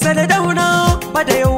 sanadau na ba da yau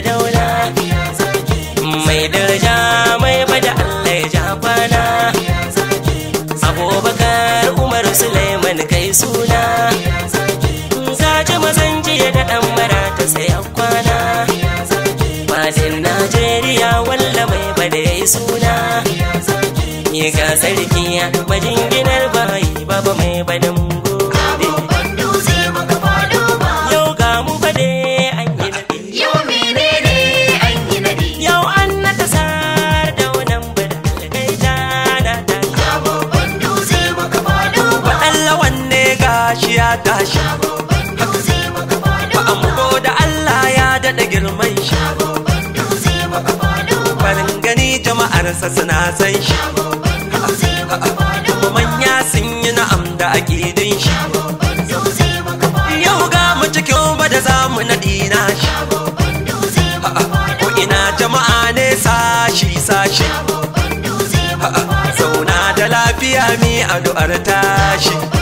daula mai daraja mai bada Allah ya ja kwana abubakar umar suleiman kai suna zaje mazan jiya da dan mara ta saya kwana fadin najeriya walla mai bada ya yi suna ya ga sarki majinginar bayi baba mai bada ƙasa suna san shi kuma manya sun yi na'am da ake din shi yau ga mu cikin ba da za mu naɗi na shi ko ina jama'a ne sashi sashi zauna da lafiya mi addu'ar tashi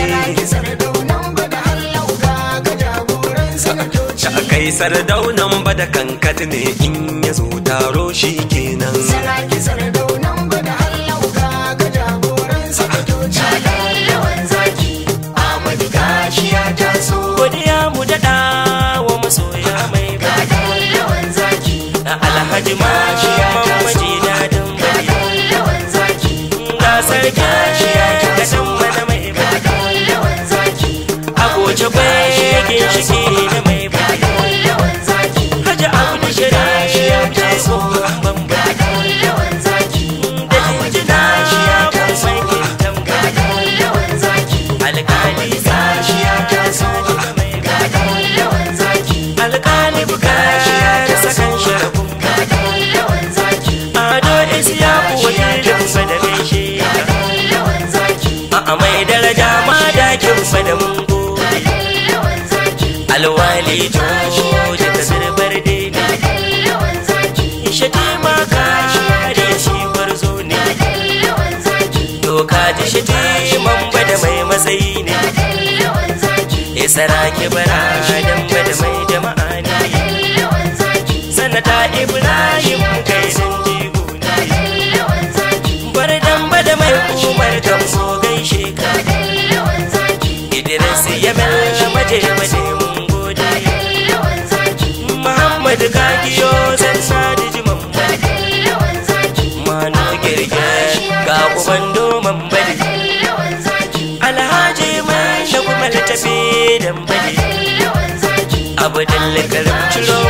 kai sardaunan bada kankat ne in ya zo taro shi kenan sarki sardaunan bada jagoransa ga jagoran sa doja lallawan zaki amadu gashi ya taso godiya mu dada wa masoya mai ba lallawan zaki alhaji ma saraki ibrahim da mai jama'a ne sanata ibrahim kai sun ji guna bar dan da mai umar so gai idris ya mella maje maje mun gode ka kagiyo da tafi dan bade abu dalle karbi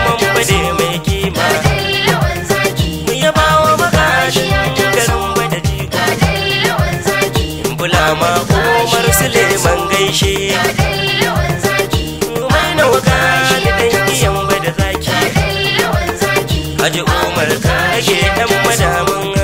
man bade mai kima mu yaba wa magashin garin bada Bula bulama umar suleiman gaishe mai nawa gani dan iyan bada zaki haji umar ka ke dan madamin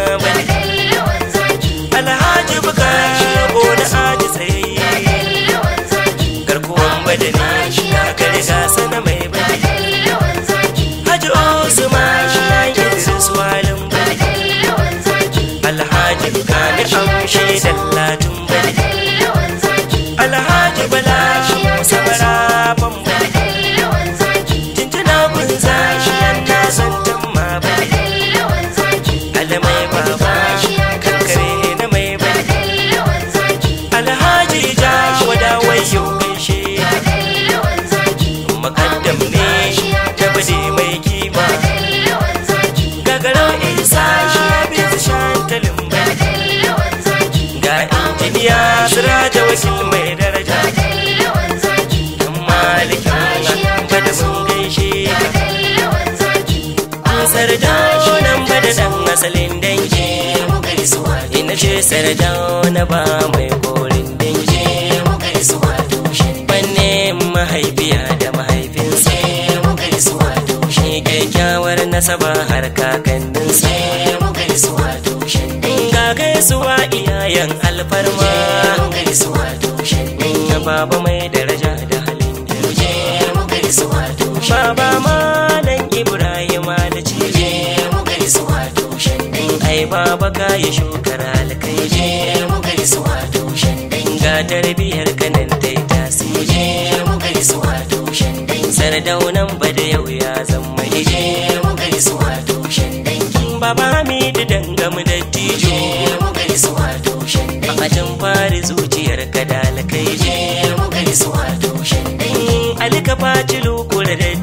na ba da dan asalin dangi ina ce sardauna ba mai korin dangi banne mahaifiya da mahaifinsa shi kyakkyawar nasaba har kakanninsa ga gaisuwa iyayen alfarma ga baba mai ya shukar alkai mu je mu gaisuwa tushen dangi ga tarbiyar kanan ta yi tasiri mu je mu gaisuwa tushen dangi sardaunan ba da yau ya zama mu je mu gaisuwa tushen dangi baba mi da dangamu da tijo mu gaisuwa tushen dangi a can fari zuciyar ka da alkai je mu gaisuwa tushen dangi mm, alka faci lokura da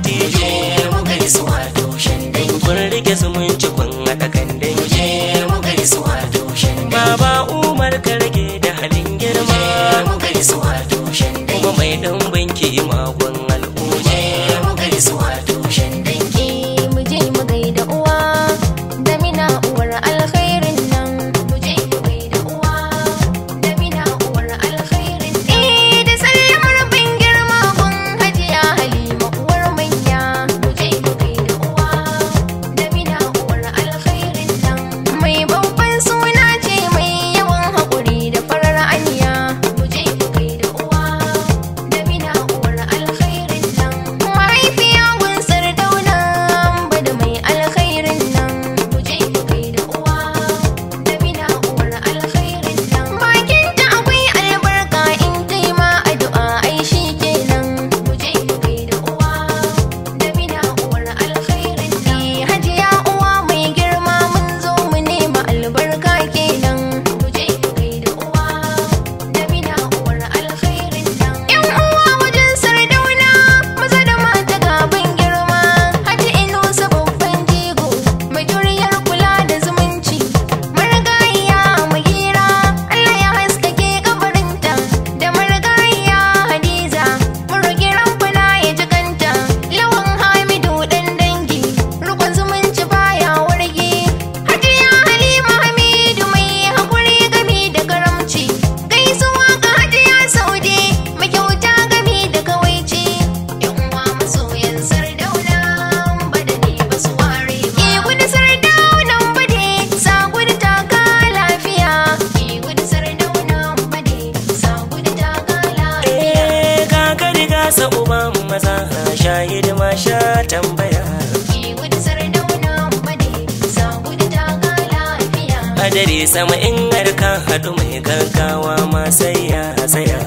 sama in ka haɗu mai gaggawa ma sai ya tsaya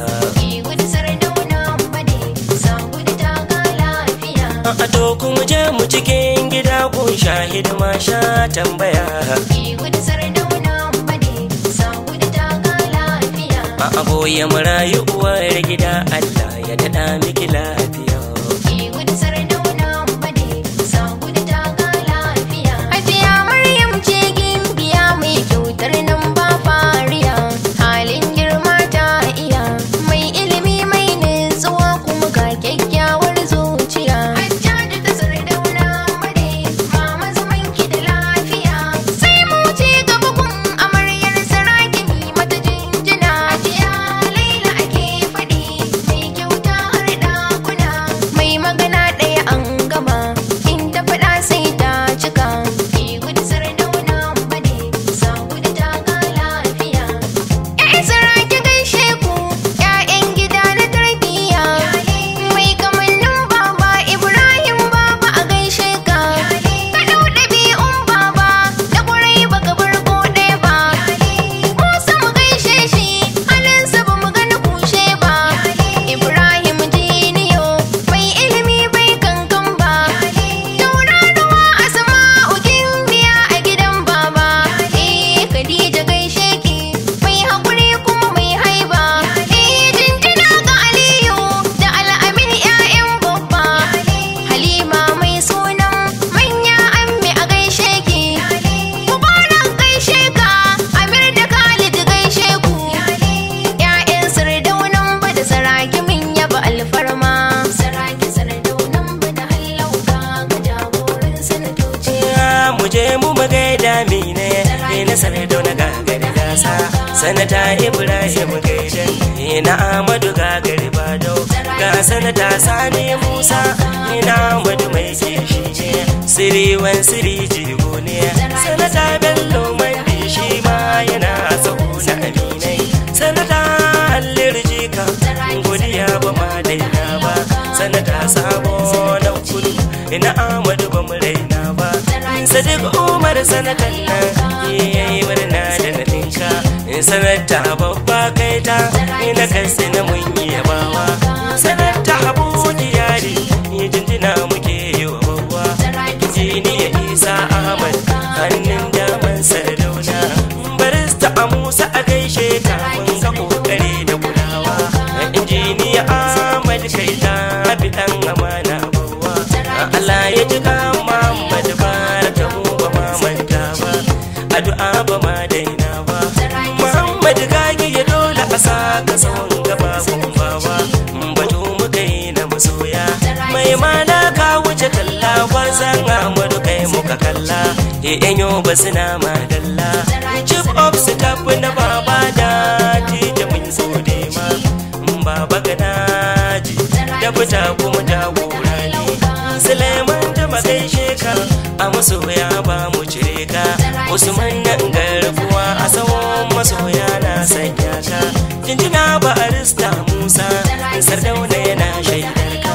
a to kuma je mu cikin gida kun shahid ma sha tambaya a aboye marayu uwar gida Allah ya daɗa miki lafiya sanata ibrahim gaidan ina amadu gagari ga sanata sani musa ina amadu mai kishi ne siriwan siri jigo ne sanata bello mai shi ma yana sau na aminai sanata hallir jika godiya ba ma daina ba sanata sabo na kudu ina amadu ba mu raina ba sadiq umar sanatan nan yayi murna da nalinka sanarta babba kai ta ni na kan na mun yi yabawa sanarta abu diyari ni jinjina muke yi wa babba kiji ni ya isa ahmad hannun daman sardauna barista a musa a gaishe ta mun ga kokari da kulawa injiniya ahmad kai ta bi dan amana babba Allah ya ji kan Muhammad ba ta mu ba mamanta ba addu'a ba ma dai kasa ta san gaba gumbawa batu muka kai na masoya mai mana ka wuce kalla wasan amadu kai muka kalla eh, yanyo ba suna madalla chief of staff na baba da tije mun so ma baba gana ji da fita kuma ne suleiman ta magai sheka a masoya ba mu cire ka usman nan garkuwa a sawon masoya na sanya ka jinjina ba arista musa sardauna yana shaidar ka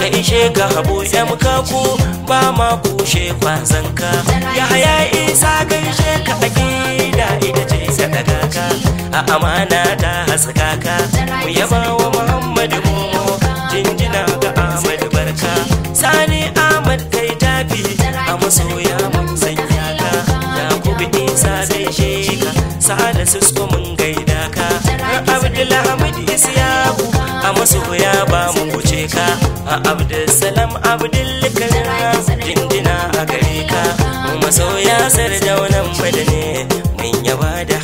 ka ishe ka habu yan kaku ba ma kushe kwazan ka ya haya isa gaishe ka a gida ita ce sadaka ka a amana ta haska ka mu yaba wa muhammadu mu jinjina ga ahmad barka sani ahmad kai tafi a masoya mun sanya ka ya kubi isa gaishe ka da sisko mun abdulhamid isyaku a masoya ba mu wuce ka a abdulsalam abdulkarim dindina a gare ka mu masoya sarjaunan madane mun yaba da